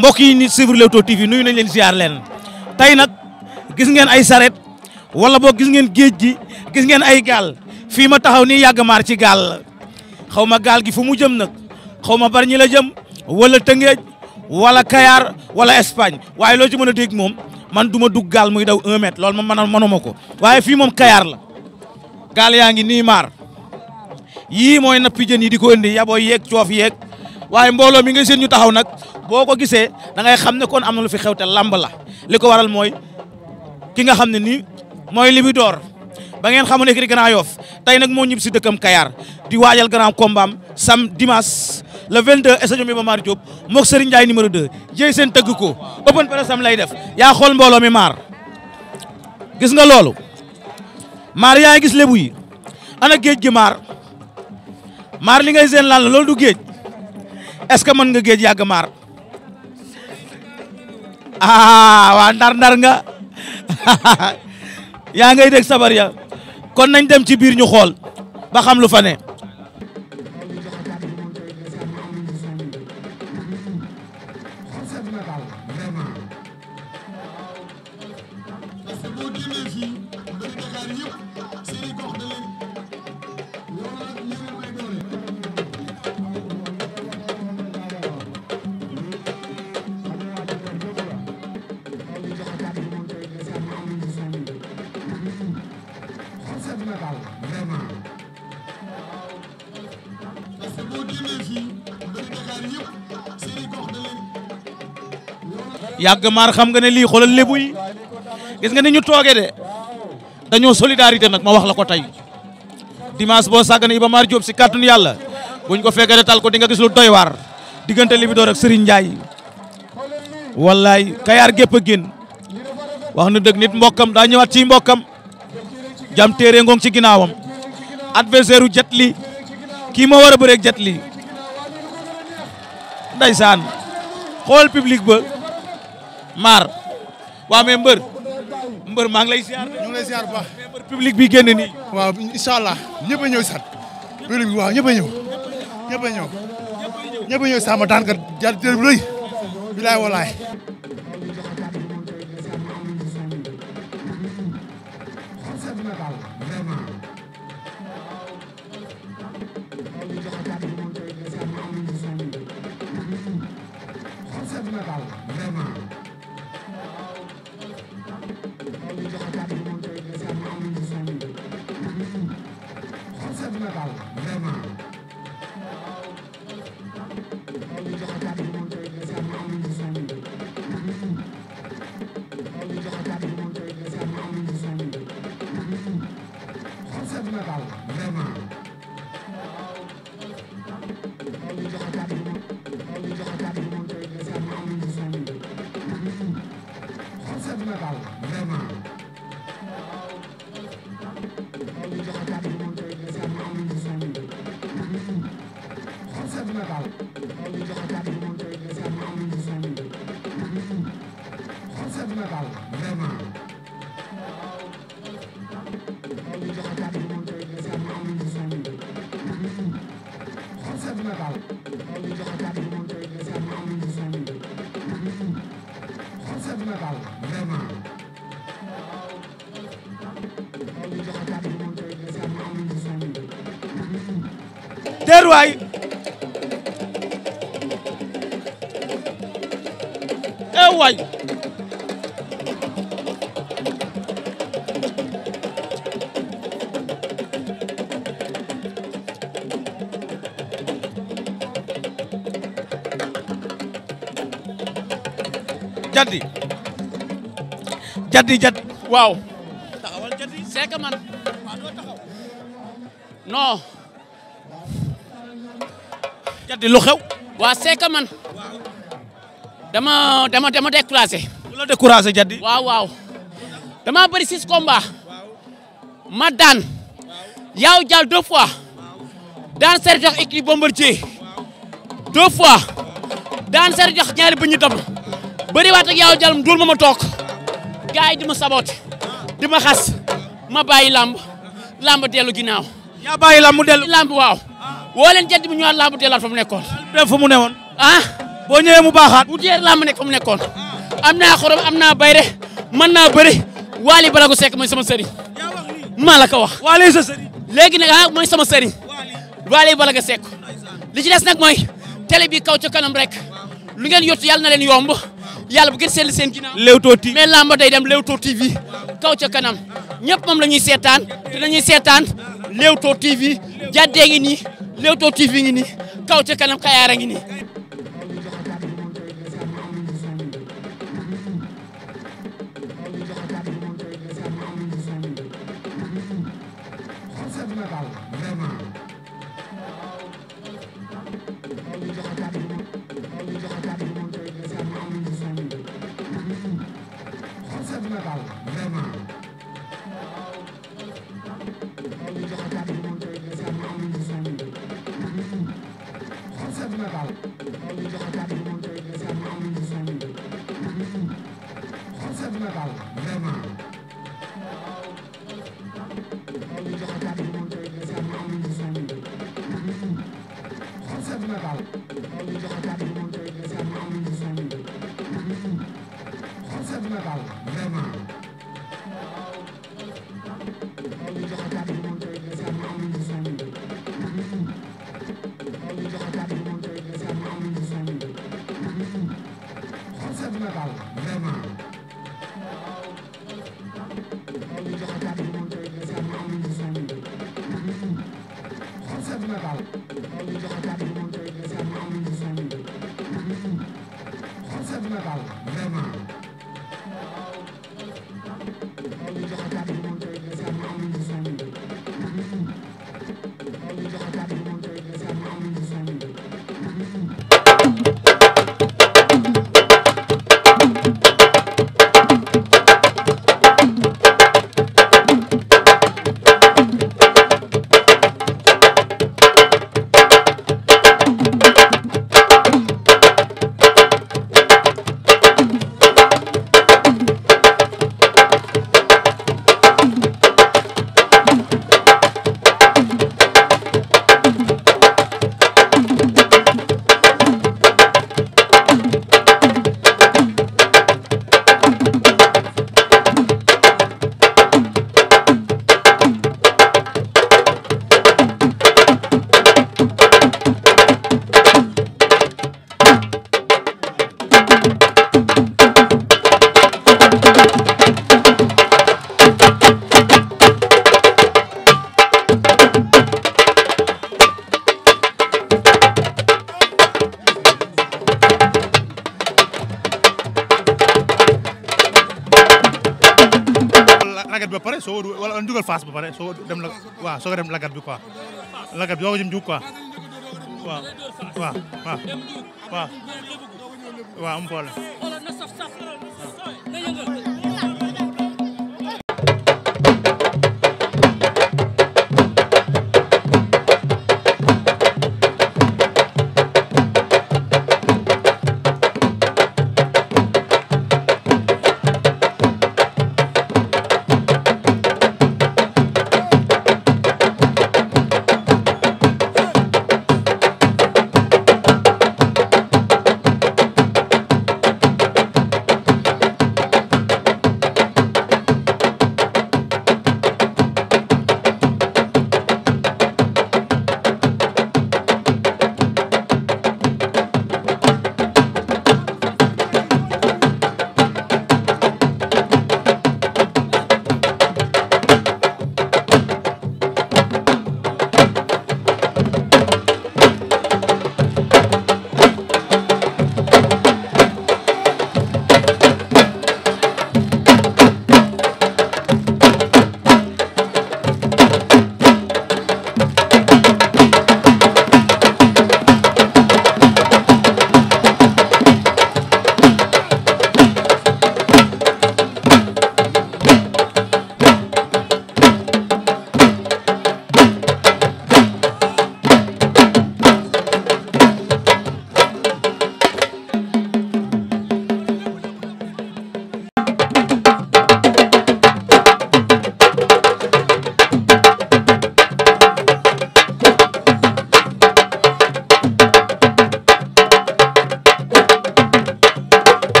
mbokk yi nit suivre Leewtoo TV nuyu nañ leen ziar leen tey nag gis ngeen ay saret wala boog gis ngeen géej gi gis ngeen ay gaal fi ma taxaw nii yàgg maar ci gaal xaw ma gaal gi fu mu jëm nag xaw ma bari ñi la jëm wala Tëngéej wala Kayaar wala Espagne waaye loo ci mën a dégg moom man du ma dugg gaal muy daw un mètre loolu man manuma ko waaye fii moom Kayaar la gaal yaa ngi ni maar yii mooy nappi jën yi di ko indi yaboo yeeg coof yeeg. waaye mbooloo mi nga seen ñu taxaw nag boo ko gisee da ngay xam ne kon am na lu fi xew te lamb la li ko waral mooy ki nga xam ne nii mooy Libidor ba ngeen xamu ne kii Grand Yoff tey nag moo ñib si dëkkam Kayar di waajal grand combat am sam dimanche le 22 stade Iba Mar Diop moog Serigne Ndiaye numéro 2 jéey seen tëgg ko open press sam lay def yaa xool mbooloo mi maar gis nga loolu maar yaa ngi gis lébu yi ana géej gi maar maar li ngay seen lan la loolu géej est-ce que mën nga géej yàgg maar ah ndar-ndar nga yaa ngay dégg sabar kon nañ dem ci biir ñu xool ba xam lu fa ne. yàgg maar xam nga ne lii xoolal lébu yi gis nga ni ñu toogee de dañoo solidarité nag ma wax la ko tey dimanche boo sàggane Iba Mar Diop si kàttanu yàlla buñ ko fekkee de tal ko di nga gis lu doy waar diggante Libidor ak Serigne Ndiaye wallaay Kayar gépp a génn wax na dëgg nit mbokkam daa ñëwaat ci mbokkam jam téere ngong ci ginnaawam adversaire u jet li kii ma war a bëreeg li ndeysaan xool public ba maar waaw mais mbër mbër maa ngi lay ziar ñu ngi lay ziar bu baax mais mbër public bi génn nii waaw incha allah ñëpp ñëw sat public bi waaw ñëpp ñëw ñëpp a ñëpp a ñëw sama daan kat jaar jël bu rëy bilaay na daal vraiment. teeruwaay. eh waay. jadi jati jat waaw. taxawal jati c'est que man. waaw doo taxaw. non. jati lu xew. waaw c'est dama dama dama découragé. bu waaw waaw. dama bëri six ma daan. yaaw jàll deux fois. daan seer jox équipe Bombardier. deux fois. daan seer jox ñaari bu ñu dab. bëriwaat ak mu dul ma ma toog. gars yi di ma sabote di ma xas ma bàyyi làmb lamb dellu ginnaaw. yaa bàyyi làmb dellu làmb waaw. woo leen jënd bu ñëwaat làmb delluwaat fa mu nekkoon. def fu mu newoon. Ah? boo ñëwee mu baaxaat. bu dee làmb nekk fa mu nekkoon. am naa xorom am naa bayre man naa bëri Waly Balago sekk mooy sama sëriñ ma la ko wax. Waly sa sëriñ. léegi nag ah mooy sama sëriñ Waly Balago Seck li ci des nag mooy télé bi kaw ca kanam rek lu ngeen yott yàlla na leen yomb. yàlla bu ngeen seetlu seen ginnaaw. too TV mais lamba day dem Leewtoo TV kaw ca kanam ñëpp moom la ñuy seetaan dinañuy seetaan Leewtoo TV jàddee ngi nii Leewtoo TV ngi nii kaw ca kanam Kayaara ngi ni loolu lañ joxe kàddu yi moom tey de sànni am nañ ci sànni ndax na daal na daal vraiment soog a dem lagat bi quoi lagat bi soog a jëm Diouf quoi waaw waaw waaw waaw am problème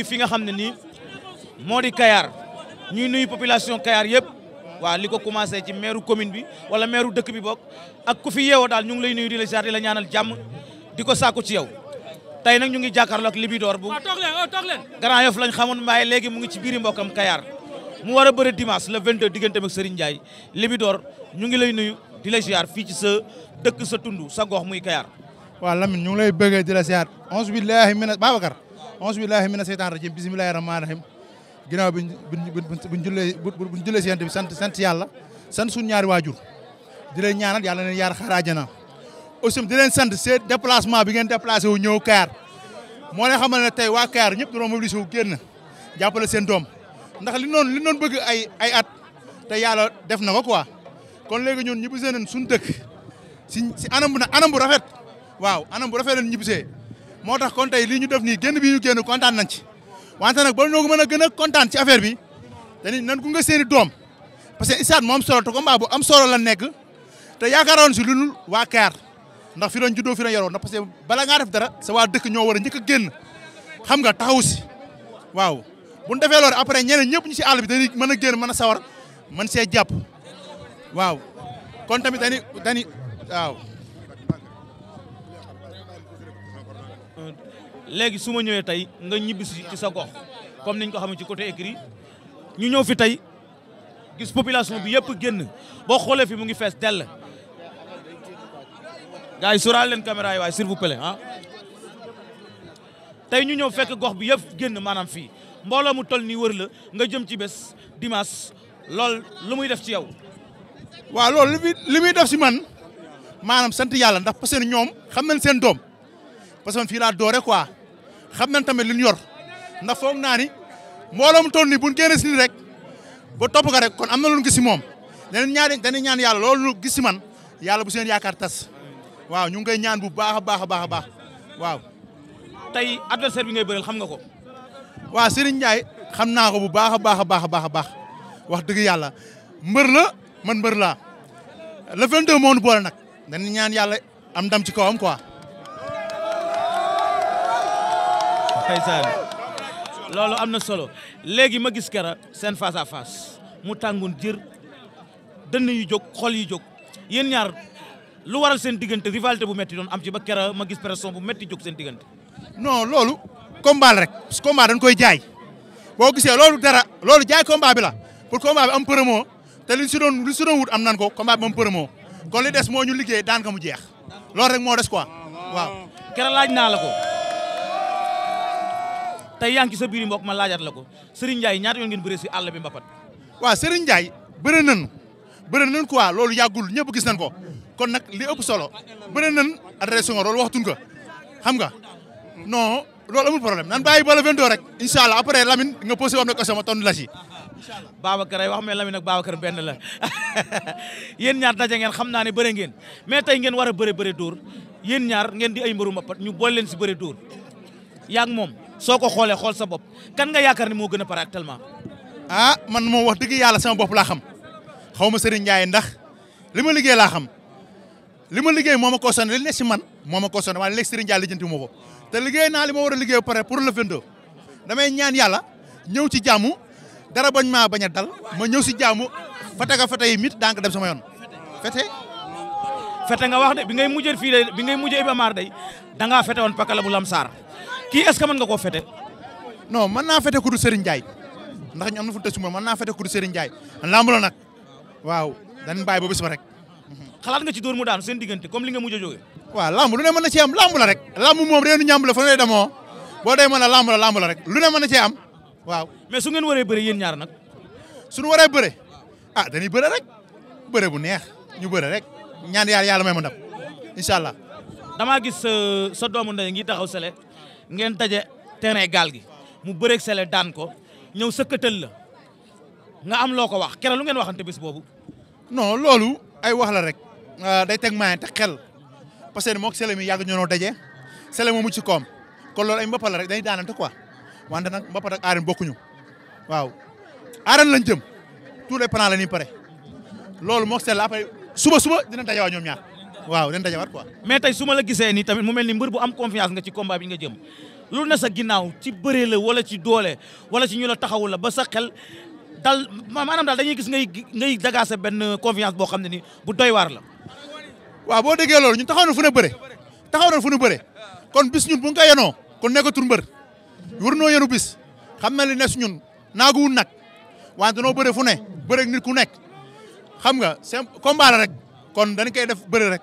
ngi fi nga xam ne nii moo di Kayar ñuy nuyu population kayaar yëpp waaw li ko commencé ci maire commune bi wala meeru dëkk bi book ak ku fi yeewoo daal ñu ngi lay nuyu di la jaar di la ñaanal jàmm di ko sàkku ci yow tey nag ñu ngi jàkkaarloo ak Libidor bu Grand Yoff lañ xamoon waaye léegi mu ngi ci biir mbokkam kayaar mu war a bëre dimanche le 22 digganteem ak Serigne Ndiaye Libidor ñu ngi lay nuyu di la ziar fii ci sa dëkk sa tund sa gox muy kayaar waaw Lamine ñu la ziar. onze billahi auzu billaahi mina seytaani rajiim bismillaahi rahmaani rahiim ginnaaw bi buñ jullee buñ jullee si yent bi sant sant yàlla sant suñu ñaari waajur di leen ñaanal yàlla leen yaar xaraajana aussi di leen sant seen déplacement bi ngeen déplacé wu ñëw Kayar moo leen xamal ne tey waa Kayar ñëpp dañoo mobilisé wu génn jàppale seen doom ndax li noonu li noonu bëgg ay ay at te yàlla def na ko quoi kon léegi ñun ñibbisee nañ suñu dëkk si si anam bu na anam bu rafet waaw anam bu rafet leen ñibbisee moo tax kon tey lii ñu def nii génn bii ñu génn kontaan nañ ci wante nag ba ñoo ko mën a gën a kontaan si affaire bi dañuy nan ku nga seen doom parce que ISAT moom solo te mbaa bu am solo la nekk te yaakaaroon si lu dul waa Kayar ndax fi doon juddoo fi doon yaroo ndax parce que bala ngaa def dara sa dëkk ñoo war a njëkk a génn xam nga taxaw si waaw bu ñu defee loolu après ñeneen ñëpp ñu si àll bi dañuy mën a génn mën a sawar man see jàpp waaw kon tamit dañuy dañuy léegi su ma ñëwee tey nga ñibbisi ci sa gox comme niñ ko xamee ci côté écrit ñu ñëw fi tey gis population bi yëpp génn boo xoolee fi mu ngi fees dell. gars yi sóoraale leen caméra yi waaye s'il vous plaît ah. tey ñu ñëw fekk gox bi yëpp génn maanaam fii mbooloo mu toll nii wër la nga jëm ci bes dimanche lool lu muy def ci yow. waaw loolu li muy def si man maanaam sant yàlla ndax parce que ñoom xam nañ seen doom parce que doore quoi. xam na tamit lu ñu yor ndax foog naa ni mbooloo mu toll nii bu ñu génnee si nii rek ba topp ga rek kon am na lu ñu gis si moom leneen ñaari dañuy ñaan yàlla loolu gis si man yàlla bu seen yaakaar tas waaw ñu ngi koy ñaan bu baax a baax a baax a baax waaw. tey adversaire bi ngay bëreel xam nga ko. waaw Serigne Ndiaye xam naa ko bu baax a baax a baax a baax wax dëgg yàlla mbër la man mbër laa le 22 moo nu boole nag dañuy ñaan yàlla am dam ci kawam quoi. ndeysaan loolu am na solo léegi ma gis kera seen face à face mu tàngoon jër dënn yu jóg xol yu jóg yéen ñaar lu waral seen diggante rivalité bu metti doon am ci ba kera ma gis pression bu metti jóg seen diggante no loolu combat rek parce que combat dañ koy jaay boo gisee loolu dara loolu jaay combat bi la pour combat bi am promo te liñ si doon liñ wut am nan ko combat bi am promo kon li des moo ñu liggéey daan ka mu jeex loolu rek moo des quoi ah, ah. waaw tey yaa ngi ci sa biir mbokk ma laajaat la ko ñaat Ndiaye ñaata yoon ngeen bëree si àll bi mbapat waaw Serigne Ndiaye bëri nañu bëri nañu quoi loolu yàggul ñëpp gis nañ ko kon nag li ëpp solo bëri nañu adressé nga loolu waxtuñ ko xam nga non loolu amul problème nan bàyyi ba le 22 rek incha allah après lamin nga posé woon na question ma tontu la si. Babacar ay wax mais Lamine ak Babacar benn la yéen ñaar daje ngeen xam naa ne bëre ngeen mais tey ngeen war a bëre bëre dóor yéen ñaar ngeen di ay mbëru mbapat ñu boole leen si bëre dóor yaa moom. soo ko xoolee xool sa bopp kan nga yaakaar ni moo gën a pare actuellement. ah man moo wax dëgg yàlla sama bopp laa xam xaw ma Serigne Ndiaye ndax li ma liggéey laa xam li ma liggéey moo ma ko sonné li ne si man moo ma ko sonné waaye léegi Serigne Ndiaye lijjanti moo ko te liggéey naa li ma war a liggéey pare pour le 22 damay ñaan yàlla ñëw ci jàmm dara bañ maa bañ a dal ma ñëw si jàmm fete ga fete yi mit daa nga dem sama yoon fete. fete nga wax de bi ngay mujjee fii bi ngay mujjee Iba Mar day da ngaa fete woon pakala bu lamsaar kii est ce que mën nga koo fete non mën naa fete ku du Serigne ndax ñu na fu tësu ma mën naa fete ku du Serigne Ndiaye lamb la nag waaw dañ bàyyi ba bés ba rek nga ci dóor mu daanu seen diggante comme li nga mujj a jógee waaw lamb lu ne mën na cee am lamb la rek lamb moom reenu ñàmb la fa ne demoo boo dee lu ne mën na cee am waaw mais su ngeen waree bëre yéen ñaar nag suñu waree bëre ah dañuy bëre rek bëre bu neex ñu bëre rek ñaan yàlla yàlla may ma ndam incha allah damaa gis euh, sa doomu ndey ngi taxaw sele ngeen daje terrain gaal gi mu bëreeg sele daan ko ñëw sëkkatal la nga am loo ko wax keroog lu ngeen te bis boobu. non loolu ay wax la rek ah, day teg maayante xel parce que moog sele mi yàgg ñoo daje sele mu ci koom kon loolu ay mbapat la rek day daanante quoi wante nag mbapat ak arène bokkuñu waaw arène lañ jëm tous les plans la ñuy pare loolu moog sel après suba suba dina dajewaat ñoom ñaar. waaw dañ dajawaat quoi. mais tey su ma a gisee ni tamit mu mel ni mbër bu am confiance nga ci combat bi nga jëm loolu na sa ginnaaw ci bëree la wala ci doole wala ci ñu la taxawul la ba sa xel dal maanaam daal dañuy gis ngay ngay dagaase benn confiance boo xam ne ni bu doy waar la. waaw boo déggee loolu ñun taxaw na fu ne bëre taxaw na fu ne bëre kon bis ñun bu ñu ko yenoo kon nekkatul mbër war noo yenu bis xam na li ñun naaguwul nag waaye danoo bëre fu ne bëre nit ku nekk xam nga c'est combat la kon dañ koy def bëre rek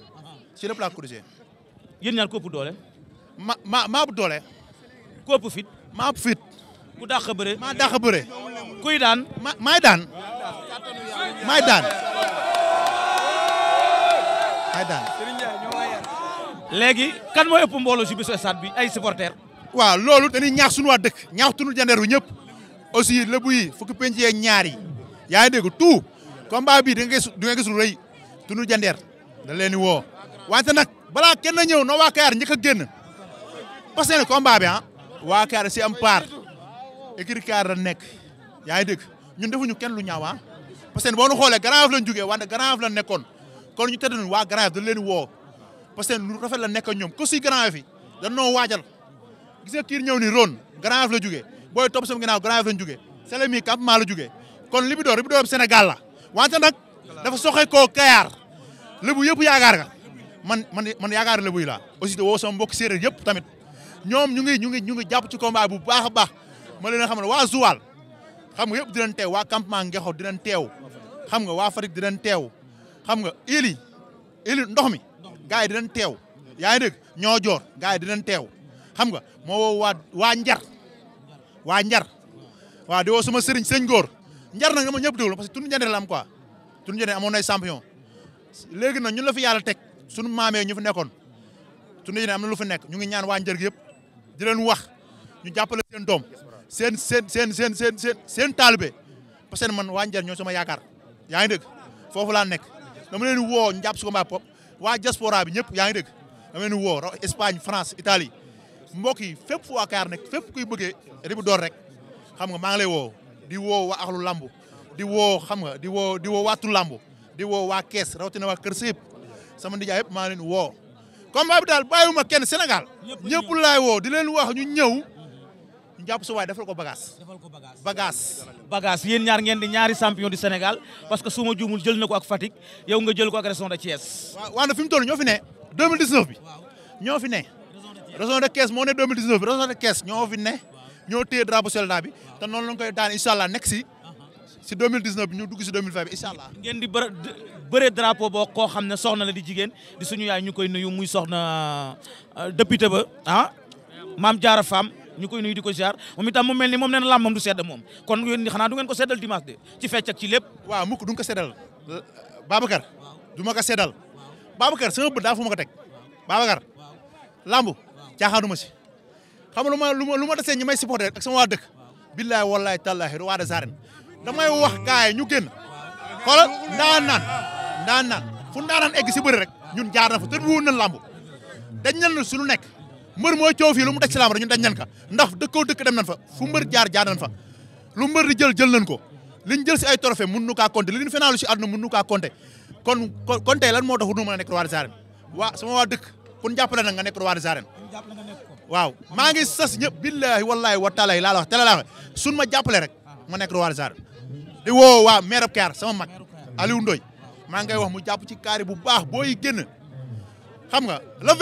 ci lépp laa ko corrigé. yéen ñaar doole. ma ma maa bu doole. kopp fit. maa bu fit. ku dàq a bëre. maa dàq a bëre. kuy daan. ma maay moo ëpp mbooloo si bisu bi ay supporters. waaw loolu dañuy ñaax suñu waa dëkk ñaax tunu jandeeru ñëpp aussi lébu yi fukki penc yeeg ñaar yaa ngi dégg tout combat bi da nga gis du nga tunu jandeer da di woo. wante nag balaa kenn ñëw na waa Kayar njëkk a génn parce que bi ah waa Kayar si am part écrit Kayar la nekk yaa ngi dégg ñun defuñu kenn lu ñaaw ah parce que boo nu xoolee Grand Yoff lañ jógee wante Grand la nekkoon kon ñu tëdd waa Grand Yoff leen woo parce que rafet la nekk ak ñoom ku si Grand Yoff noo waajal gis nga kii ñëw ni Rhone Grand Yoff la jógee booy topp sama ginnaaw Grand Yoff lañ jógee Selemi campement la jógee kon Libidor Libidor Sénégal la wante nag dafa soxe koo Kayar lébu yëpp yaakaar nga man man man yaakaar la buy laa aussi woo sama mbokk séeréer yëpp tamit ñoom ñu ngi ñu ngi ñu ngi jàpp ci combat bu baax a baax ma leen xam ne waa Zoual xam nga yëpp dinañ teew waa campement Ngexo dinañ teew xam nga waa Fatick dinañ teew xam nga ili ili ndox mi gars yi dinañ teew yaa ngi dégg ñoo joor gars yi dinañ teew xam nga moo woo waa njar waa njar waaw di woo sama sëñ góor njar nag dama ñëpp déglu parce que tund njëriñ la am quoi tund amon amoon nay champion léegi nag ñun la fi yàlla teg sunu maamee ñu fi nekkoon sunu yéene am na lu fi nekk ñu ngi ñaan waa njër gi yëpp di leen wax ñu jàppale seen doom seen seen seen seen seen seen seen taalibe parce man waa njër ñoo sama yaakaar yaa ngi dégg foofu laa nekk dama leen woo ñu jàpp si ko mbaa pop waa diaspora bi ñëpp yaa ngi dégg dama woo Espagne France itali mbokk yi fépp fu waa Kayaar nekk fépp kuy bëggee Libou Dor rek xam nga maa ngi lay woo di woo waa axlu di woo xam nga di woo di woo waa tu lamb di woo waa kees rawatina waa kër si sama nijaay yëpp maa leen woo combat bi daal ma kenn Sénégal ñëpp laay woo di leen wax ñu ñëw ñu jàpp su waay defal ko bagage. defal ko bagage bagage. bagage yéen ñaar ngeen di ñaari champion du Sénégal parce que su ma juumul jël na ko ak Fatick yow nga jël ko ak région de Thiès. waaw waaw fi mu toll ñoo fi ne 2019 bi ñoo fi ne. région de Thiès moo ñoo fi ne ñoo téye drapeau soldat bi te noonu lañ koy daan incha si uh-huh. si 2019 bi di bëri bëre drapeau boo koo xam ne soxna la di jigéen di suñu yaay ñu koy nuyu muy soxna euh, député ba ah maam jaara femme ñu koy nuyu di ko ziar moom itam mu mel ni moom nee na làmb moom du sedd moom kon yéen xanaa du ngeen ko seddal dimanche de ci fecc ak ci lépp waaw mukk du nga ko seddal Babacar du ma ko seddal Babacar sama bët daa fu ma ko teg Babacar làmb caaxaanuma si xam lu ma lu ma lu ma desee ñi may supporter ak sama waa dëkk billaay wallaay tallaahi waa de Sarène damay wax gaay ñu génn xoolal daan ndaanaan fu ndaanaan egg si bëri rek ñun jaar na fa te wóor nañ làmb dañ nan na suñu nekk mbër mooy coow fii lu mu daj si rek ñun dañ nan ka ndax dëkkoo dëkk dem nan fa fu mbër jaar jaar nan fa lu mbër di jël jël nañ ko liñ jël si ay trophée mun nu kaa compté li ñu finaalu si àdduna mun nu kaa compté kon kon tey lan moo tax nu ma a nekk roi des arènes waa sama waa dëkk kun jàppale na nga nekk roi des waaw maa ngi sas ñëpp billahi wallahi wa taala laa la wax tala laa wax suñ ma jàppale rek ma nekk roi des arènes woo waa maire Kayar sama mag Aliou Ndoye maa ngay wax mu jàpp ci kaari bu baax booy yi génn xam nga le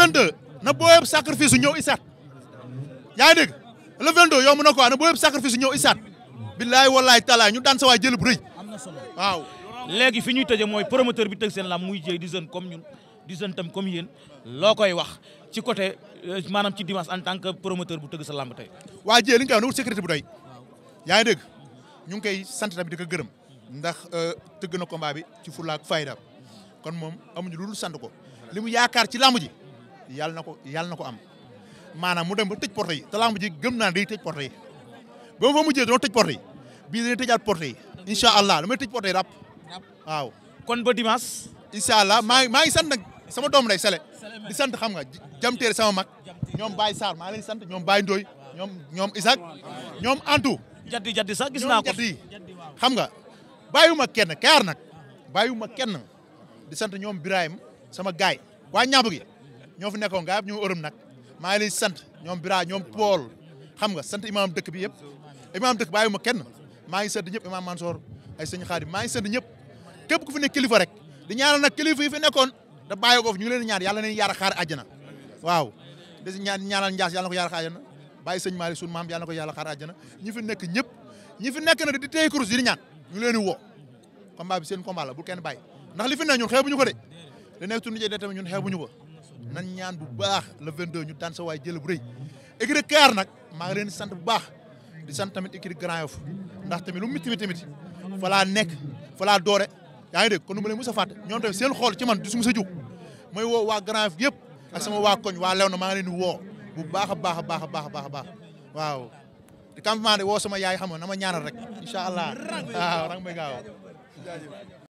na booy yëpp sacrifice ñëw isaat yaa ngi dégg le 22 yomb na quoi na booy yëpp sacrifice ñëw isaat billaay wallaay talaay ñu daan sa waay jël bu rëy waaw. léegi fi ñuy tëjee mooy promoteur bi tëg seen lam muy jéy di jeune comme ñun di jeune tam comme yéen loo koy wax ci côté euh, maanaam ci dimanche en tant que promoteur bu tëgg sa lamb tey. waa jéy li nga koy wax ne bu doy yaa ngi dégg ñu ngi koy sant tamit di ko gërëm. ndax euh, tëgg na ko bi ci fulaak fayda kon moom amuñu lu dul sant ko li mu yaakaar ci làmb ji yàlla na ko yàlla na ko am maanaam mu dem ba tëj porte yi te làmb ji gëm naa day tëj porte yi ba ma fa mujjee doon tëj porte yi bii dina tëjaat porte yi incha allah damay tëj porte yi rap waaw kon ba dimanche incha allah maa maa ngi sant sama doom lay sele di sant xam nga jamteer sama mag ñoom baay Sarr maa leen sant ñoom Baye Ndoy ñoom ñoom Isaac ñoom Antou jaddi jaddi sax gis naa ko xam bàyyiwuma kenn kayaar nag bàyyiwuma kenn di sant ñoom Birahim sama gaay waa ñàmb gi ñoo fi nekkoon gaay ñu ërëm nag maa ngi sant ñoom Bira ñoom Paul xam nga sant imaam dëkk bi yëpp imaam dëkk bàyyiwuma kenn maa ngi sant ñëpp imaam Mansour ay sëñ Xaadim maa ngi sant ñëpp képp ku fi ne kilifa rek di ñaanal nag kilifa yi fi nekkoon da bàyyi ko ñu ngi leen ñaan yàlla nañu yaara xaar àjjana waaw di ñaan ñaanal Ndiass yàlla na ko yaara xaar àjjana bàyyi sëñ Malick suñu maam yàlla na ko yàlla xaar àjjana ñi fi nekk ñëpp ñi fi nekk na di téye kurus di ñaan ñu leen di woo combat bi seen combat la bu kenn baay ndax li fi ne ñun xeebuñu ko de li nekk suñu jëndee tamit ñun xeebuñu ko nan ñaan bu baax le 22 ñu daan sa waay jël bu rëy écurie Kayar nag maa ngi leen sant bu baax di sant tamit écurie Grand Yoff ndax tamit lu mu tamit tamit fa laa nekk falaa laa doore yaa ngi kon nu ma leen mos a fàtte ñoom tamit seen xool ci man di su ma sa jóg mooy woo waa Grand Yoff yëpp sama waa koñ waa na maa ngi leen di woo bu baax a baax a baax a baax a baax waaw di campement de woo sama yaay xam nga na ma ñaanal rek incha allah waaw rang